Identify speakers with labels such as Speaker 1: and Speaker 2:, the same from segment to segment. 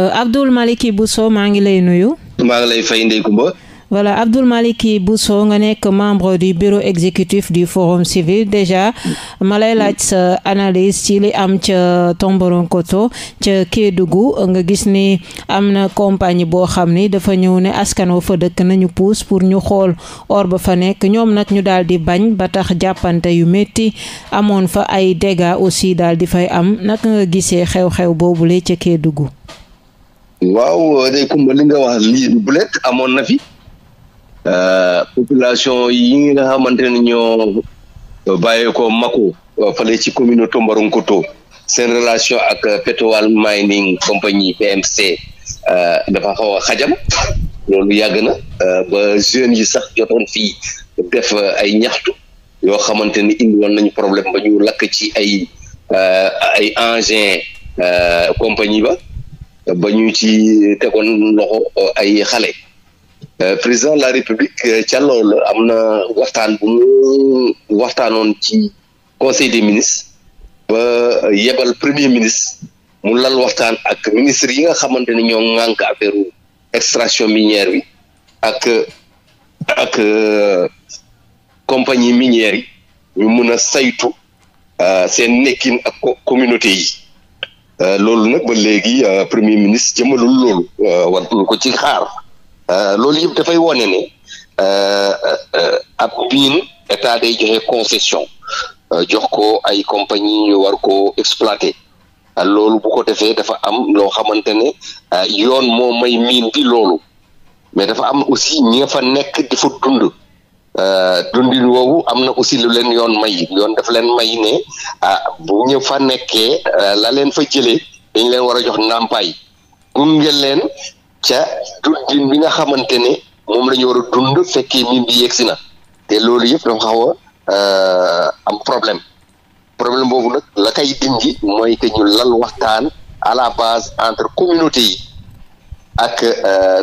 Speaker 1: Euh, Abdoul Malick Bousso maa ngi lay nuyu. maa ngi lay fay voilà Abdoul Malick Bousso nga nekk membre du bureau exécutif du forum civil déjà ma lay laaj sa analyse ci li am ca Tomboronkoto ca Kédougou nga gis ni am na compagnie boo xam ni dafa ñëw ne askan fa dëkk nañu puus pour ñu xool or ba fa nekk ñoom nag ñu daal di bañ ba tax jàppante yu métti amoon fa ay dégâts aussi daal di fay am naka nga gisee xew-xew boobu lay ca Kédougou
Speaker 2: waaw day kumba li nga wax lii du bulet amoon na fi euh, population yi nga xamante ne ñoo bàyyee ko Mako euh, fale ci commune Tombaronkoto seen relation ak Petrol Mining Company PMC euh, dafa xaw a xajam loolu yàgg na ba jeunes yi sax jotoon fii def ay ñaxtu yoo xamante ni indi nañ problème ba ñu lakk ci ay ay engin compagnie ba ba ñu ci tegoon loxo euh, ay xale euh, président de la république ca euh, loolu am na waxtaan bu mu waxtaanoon ci conseil des ministres ba yebal premier ministre mu lal waxtaan ak ministre yi nga xamante ñoom ñoo ŋànk affaire extraction minière yi ak ak compagnie minière yi ñu mun a saytu seen nekkin ak communauté yi Euh, loolu nag ba léegi euh, premier ministre jëmalul loolu euh, wartuñ ko ci xaar loolu yëpp dafay wone ne ab piin état day joxe concession jox ko ay compagnie ñu war ko exploiter loolu bu ko defee dafa am loo xamante ne yoon moo may miin bi loolu mais dafa am aussi ñi nga fa nekk di fa dund Euh, dundin woowu am na aussi lu leen yoon may yoon dafa leen may ne ah bu ñu fa nekkee euh, la leen fa jëlee dañ leen war a jox ndàmpaay gunge leen ca dundin bi nga xamante ne moom la ñu war a dund fekkee min bi yegsi na te loolu yëpp dafa xaw a euh, am problème problème boobu nag la koy dindi mooy que ñu lal waxtaan à la base entre communauté yi ak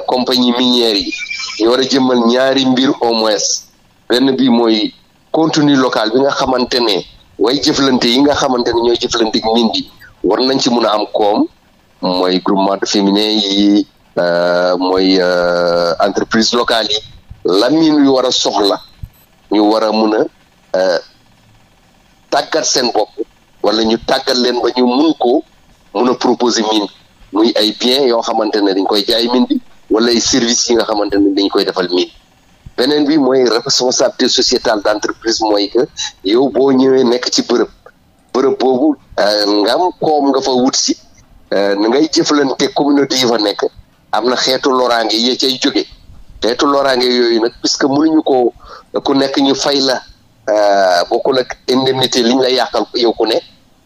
Speaker 2: compagnie minière yi ñu war a jëmmal ñaari mbir au moins benn bi mooy contenu locale bi nga xamante ne way jëflante yi nga xamante ne ñooy jëflante nit ñi war nañ ci mun a am koom mooy groupement de féminin yi euh, mooy euh, entreprise locale yi lamin yu war a soxla ñu war a mun a euh, tàggat seen bopp wala ñu tàggat leen ba ñu mun ko mun a proposer muy ay biens yoo xamante ne dañ koy jaay mine wala ay services yi nga xamante ne dañ koy defal mine beneen bi mooy responsabilité sociétale d' entreprise mooy que yow boo ñëwee nekk ci bërëb bërëb boobu euh, nga am koom nga fa wut si euh, na ngay jëflante communauté yi fa nekk am na xeetu loraange yi cay jóge xeetu loraange yooyu nag puisque mënuñu ko ku nekk ñu fay la euh, bokkul ak indemnité liñ la yàqal yow ku ne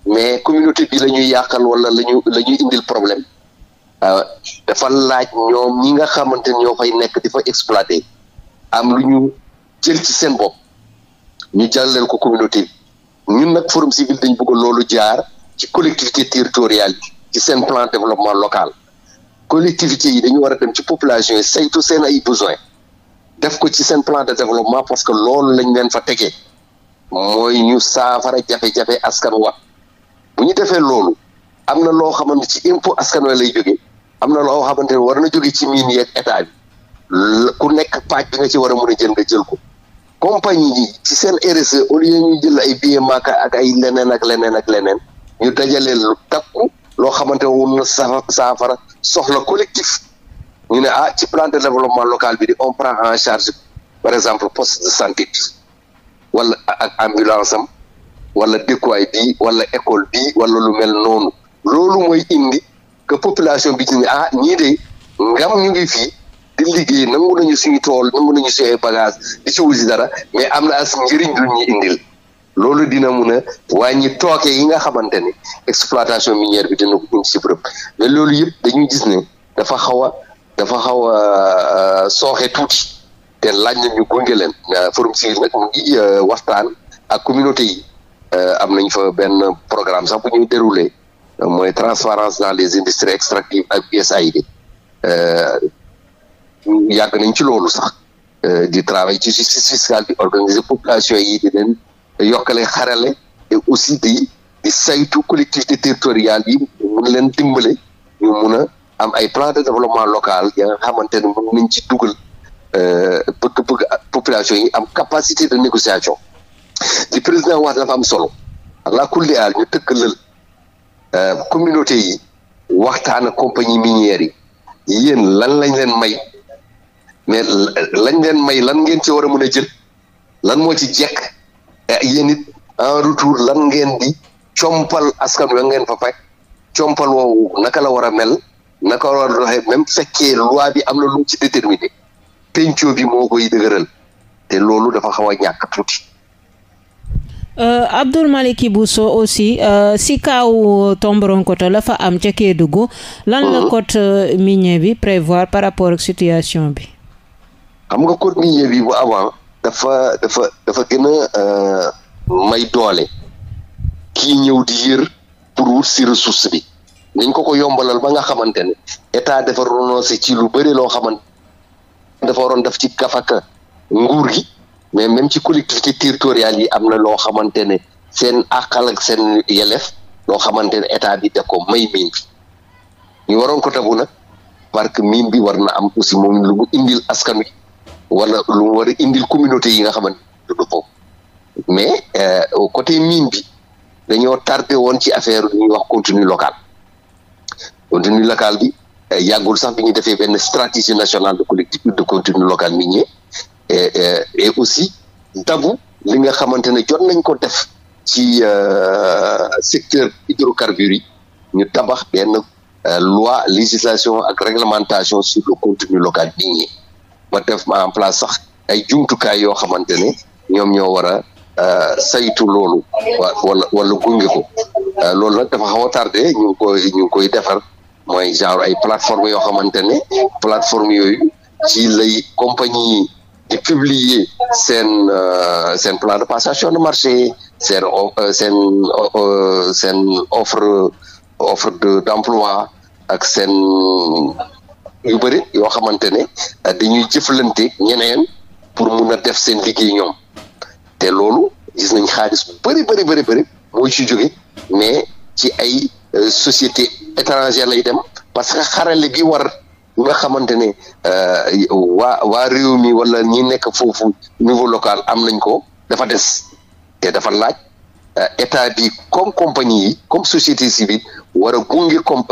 Speaker 2: mais communauté bi la ñuy yàqal wala la ñu la ñuy indil problème dafa laaj ñoom ñi nga xamante ñoo fay nekk di fa exploité am lu ñu jël ci seen bopp ñu jàllale ko communauté bi ñun nag forum civil dañ bëgg loolu jaar ci collectivité territoriale yi ci seen plan développement local collectivité yi dañu war a dem ci population yi saytu seen ay besoin def ko ci seen plan de développement parce que loolu lañ leen fa tegee mooy ñu saafara jafe-jafe askan wa bu ñu defee loolu am na loo xamante ci impôt askan wa lay jógee am na loo xamante ne war na jóge ci miin yeeg état ku nekk pàcc nga ci war a mën a jël nga jël ko compagnie yi ci seen RSE au lieu ñu jël ay billet maaka ak ay leneen ak leneen ak leneen ñu dajaleel lu takku loo xamante woon na saafara soxla collectif ñu ne ah ci plan de développement local bi di on prend en charge par exemple poste de santé bi wala ak ambulance am wala dëkkuwaay bi wala école bi wala lu mel noonu loolu mooy indi que population bi ci ah ñii de ngam ñu ngi fii di liggéey nangu nañu suñu tool nangu nañu suñu ay bagage di ci dara mais am na as njëriñ lu ñuy indil loolu dina mun a wàññi tooke yi nga xamante ni exploitation minière bi dina ko indi ci mais loolu yëpp dañu gis ne dafa xaw a dafa xaw a euh, sooxe tuuti te laaj na ñu gunge leen euh, forum civil nag mu ngi euh, waxtaan ak communauté yi am nañ fa benn programme sax bu ñuy déroulé mooy transparence dans les industries extractives ak USAID yàgg nañ ci loolu sax euh, di travail ci justice fiscale di organiser population yi di leen yokkale xarale et aussi di di saytu collectivité territoriale yi mun leen dimbale ñu mun a am ay plan de développement local ya nga xamante ne mën nañ ci dugal euh, bëgg-bëgg population yi am capacité de négociation li président wax dafa am solo la kulli aal ñu tëkkalal euh, communauté yi waxtaan ak compagnie minière yi yéen lan lañ leen may mais lañ leen may lan ngeen ci war a mën a jël lan moo ci jekk eh, yéen it en retour lan ngeen di compal askan wi ngeen fa fekk compal woowu naka la war a mel naka la war bi am na lu ci déterminé penco moo koy te loolu dafa xaw a ñàkk tuuti.
Speaker 1: Euh, Abdoul Malick aussi euh, si kaaw Tomboronkoto la fa am ca Kédougou lan la mhm. code euh, minier bi prévoir par rapport ak situation bi
Speaker 2: xam nga code minier bi bu avant dafa dafa dafa gën a euh, may doole kii ñëw di yër pour wut si ressource bi dañ ko ko yombalal ba nga xamante ne état dafa renoncé ci lu bëri loo xaman dafa waroon def ci gafaka nguur gi mais même ci collectivité territoriale yi am na loo xamante ne seen àqal seen yelef loo xamante ne état bi da ko may miin bi ñu waroon ko tabu nag parce que miin bi war na am aussi moom lu indil askan wi wala lu mu war a indil communauté yi nga xamante ne foofu mais euh, au côté mine bi dañoo tardé woon ci affaire lu ñuy wax contenu locale contenu local bi euh, yàggul sax bi ñu defee benn stratégie nationale de collectif de contenu local minier et euh, et aussi dabu li nga xamante ne jot nañ ko def ci secteur hydrocarbures yi ñu tabax benn loi législation ak réglementation sur le contenu local minier ba def en place sax ay jumtukaay yoo xamante ne ñoom ñoo war a Uh, saytu loolu wala wala gunge ko uh, loolu nag dafa tardé ñu ngi koy ñu ngi koy defar mooy genre ay plateforme yoo xamante ne plateforme yooyu ci lay compagnie yi di publier seen uh, seen plan de passation de marché seen euh, seen euh, seen offre offre de d'emploi ak seen yu bëri yoo xamante ne euh, dañuy jëflanteeg ñeneen pour mun a def seen liggéey ñoom te loolu gis nañ xaalis bu bëri bëri bëri bëri moo ci jóge mais ci ay euh, société étrangère lay dem parce que xarale gi war nga xamante ne euh, waa waa réew mi wala ñi nekk foofu niveau local am nañ ko dafa des te dafa laaj état bi comme compagnie yi comme société civile war a gunge comme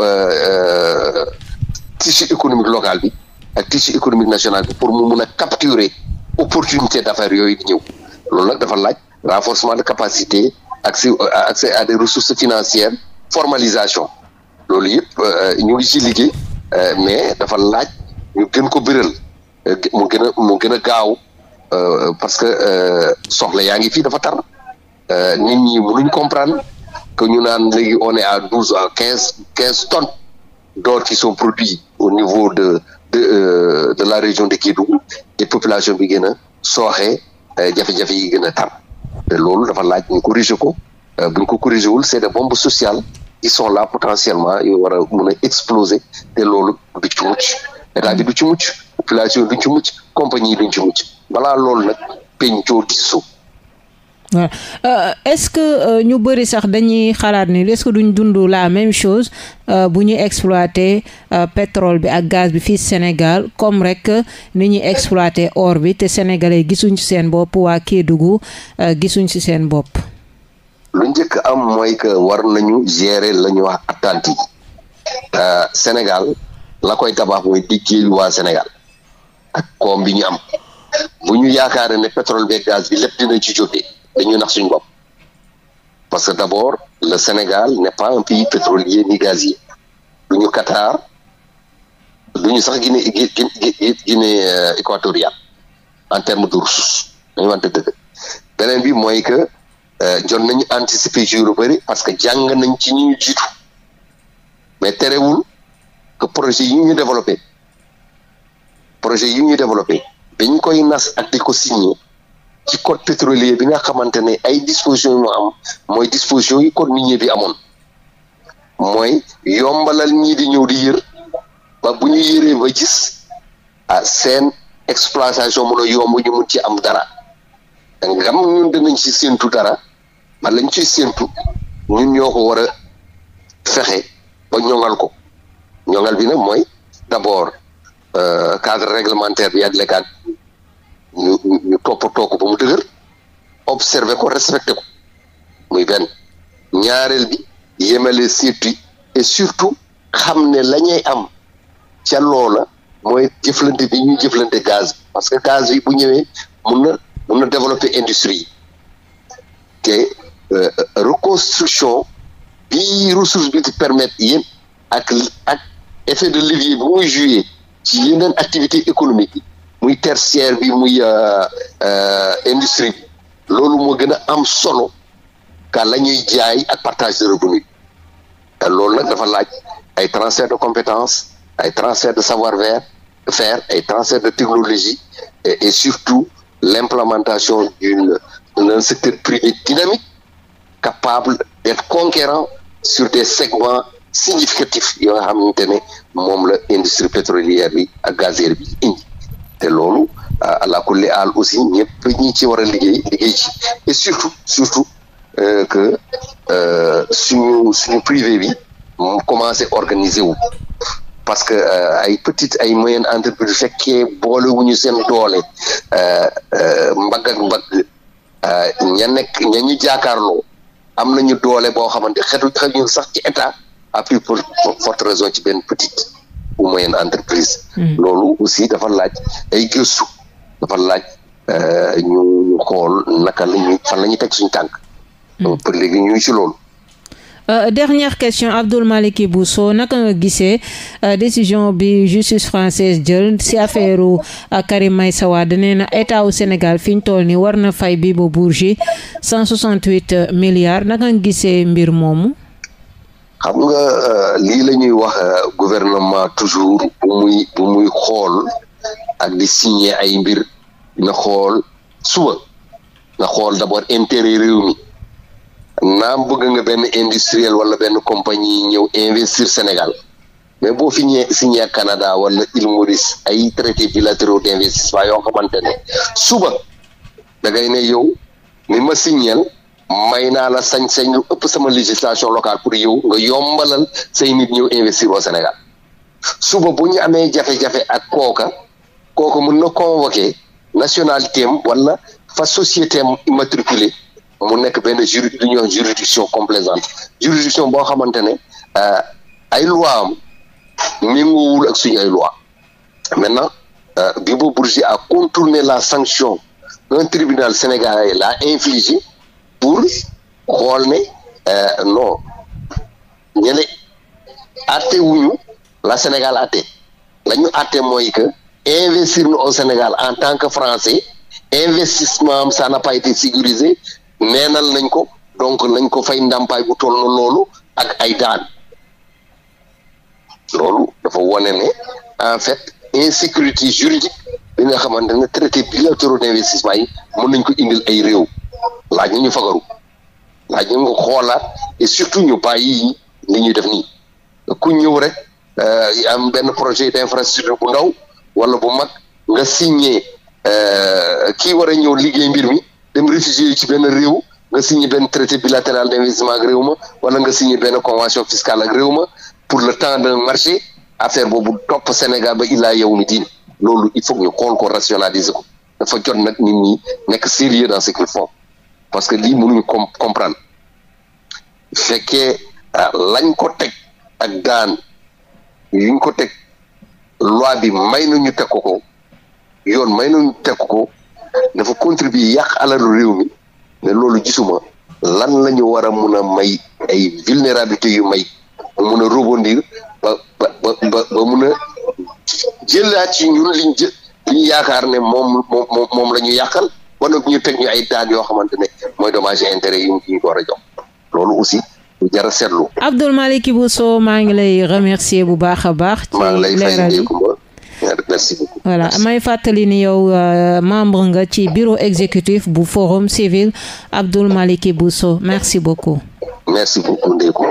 Speaker 2: tissu économique local bi ak tissu économique national bi pour mu mun a capturer opportunité d'affaires yooyu di ñëw loolu nag dafa laaj renforcement de capacité accès a à des ressources financières formalisation loolu yëpp euh, ñu ngi ci liggéey euh, mais dafa laaj ñu gën ko biral euh, mu gën a mu gën a gaaw parce que soxla yaa ngi fii dafa tar nit ñi mënuñ comprendre que ñu naan léegi on est à douze à quinze quinze tonnes d'or qui sont produits au niveau de de euh, de la région de Kédougou te population bi gën a sooxee euh, jafe-jafe yi gën a tar te loolu dafa laaj ñu corriger ko euh, bu ñu ko corriger wul c'est des bombes sociales qui la là potentiellement yu war a mën a exploser te loolu du ci mucc état bi du ci mucc population duñ ci mucc compagnie yi duñ ci balaa loolu nag peñ coo
Speaker 1: voilà euh, est-ce que euh, ñu bari sax dañuy xalaat ni est duñ dund la même chose euh, bu ñuy exploiter pétrole bi ak gaz bi fii Sénégal comme rek ni ñu exploité or bi te sénégalais gisuñ ci seen bopp waa Kédougou gisuñ ci seen bopp.
Speaker 2: lu njëkk am mooy que war nañu gérer la ñuy wax Atlantique Sénégal la koy tabax mooy digg waa Sénégal ak koom bi ñu am bu ñu yaakaaree ne pétrole bi ak gaz bi lépp dina ci jógee. dañuy nax suñu bopp parce que d' abord le Sénégal n' est pas un pays pétrolier ni gazier du ñu Qatar du ñu sax Guinée Guinée Guinée euh, en terme de ressources dañu bi mooy que euh, jon nañu anticiper jur yu bëri parce que jàng nañ ci ñu jiitu mais terewul que projet yi ñu développé projet yi ñu développé dañu koy nas ak di ko ci code pétrolier bi nga xamante ne ay dispositions yu am mooy dispositions yi code minier bi amoon mooy yombalal ñii di ñëw di yër ba bu ñu yëree ba gis ah seen exploitation mën a yomb ñu mun ci am dara ngam ñun danañ ci séentu dara man lañ ciy séentu ñun ñoo ko war a fexe ba ñoŋal ko ñoŋal bi nag mooy d'abord euh, cadre réglementaire bi ak ñu ñu toppatoo ko ba mu dëgër observé ko respecté ko muy benn ñaareel bi yemale surtout et surtout xam ne la ñuy am ca loola mooy jëflante bi ñu jëflante gaz parce que gaz bi bu ñëwee mun na mun na développer industrie yi te euh, reconstruction bi ressource bi di permettre yéen ak ak de levier bu muy joué ci yeneen activité économique yi muy tertiaire bi muy euh, euh, industrie loolu moo gën a am solo ka la ñuy jaay ak partage de revenu te loolu nag dafa laaj ay transfert de compétences ay transfert de savoir-faire ay transfert de technologie et, et surtout l'implémentation d'une d'un secteur privé dynamique capable d'être conquérant sur des segments significatifs yoo nga xamante ne moom la industrie pétrolière bi ak gazière bi indi te loolu àla euh, kulli aal aussi ñëpp ñi ci war a liggéey ci et surtout surtout euh, que euh, suñu suñu privé bi moom commencé organiser wu parce que euh, ay petite ay moyenne entreprise fekkee boole wu ñu seen doole mbagg ak mbagg ña nekk ña ñu jaakaarloo am nañu doole boo xamante xetu xew ñu sax ci état à plus forte raison ci benn petite ou moyenne entreprise. Hmm. loolu aussi dafa laaj ay gëstu dafa laaj euh, ñu xool naka la fan la ñuy teg tànk. Hmm. pour léegi ñu ci loolu.
Speaker 1: Euh, dernière question Abdoul bu soo naka nga gisee euh, décision bi justice française jël ci affaire euh, Karim Meïssa Wade nee Sénégal fi ñu toll nii war na fay Bibo Bourgi 168 milliards naka nga gisee mbir moomu.
Speaker 2: xam nga euh, lii la ñuy wax euh, gouvernement toujours bu muy bu muy xool ak di signer ay mbir na xool suba na xool d'abord intérêt réew mi naam bëgg nga benn industriel wala benn compagnie ñëw investir Sénégal mais boo fi ñëwee signé ak Canada wala île Maurice ay traité bilatéraux d'investissement yoo xamante ne suba da ngay yow mi ma signeel may naa la sañ-sañ lu ëpp sama législation locale pour yow nga yombalal say nit ñëw investir au Sénégal suba bu ñu amee jafe-jafe ak kooka kooka mun na convoquer national am wala fa société am immatriculée mu nekk benn juri lu ñuy wax juridiction complaisante juridiction boo xamante ne euh, ay loi am méngoowul ak suñu ay loi maintenant euh, Bibo Bourgi a contourné la sanction un tribunal sénégalais l'a infligé pour xool ne euh, non ñene atte la Sénégal atte la ñu atte mooy que investir na au Sénégal en tant que français investissement am ça n'a pas été sécurisé neenal nañ ko donc nañ ko fay ndàmpaay bu toll loolu ak ay daan loolu dafa wone ne en fait insécurité juridique bi nga xamante ne traité bilatéraux d'investissement yi mën nañ ko indil ay réew laaj na ñu fagaru laaj na xoolaat et surtout ñu bàyyi li ñuy def nii ku ñëw rek euh, am benn projet d'infrastructure bu ndaw wala bu mag nga signé euh, kii war a ñëw liggéey mbir mi dem réfugié ci benn réew nga signé benn traité bilatéral d'investissement ak réew ma wala nga signé benn convention fiscale ak réew ma pour le temps d'un marché affaire boobu topp Sénégal ba illaa yow ni diin loolu il faut ñu xool ko rationaliser ko dafa jot nag nit nekk sérieux dans ce qu'ils parce que lii mënuñu com comprendre a ah, lañ ko teg ak daan yuñ ko teg loi bi may na ñu ko ko yoon may nañu teg ko dafa contribuer yàq alalu réew mi mais loolu gisuma lan la ñu war a mun a may ay vulnérabilité yu may mun a rebondir ba ba ba mun a jëlaat ci ñun liñ jë liñ yaakaar ne moom moom moom la ñu yàqal ba nag ñu teg ñu ay daan yoo xamante ne mooy dommage intérêt yi ñu ñu ko war jox loolu aussi lu jar a seetlu.
Speaker 1: Abdou Malick maa ngi lay remercier bu baax a baax. ci leeral yi merci beaucoup. voilà may fàttali ni yow euh, membre nga ci bureau exécutif bu forum civil Abdou Malick Bousso merci beaucoup. merci beaucoup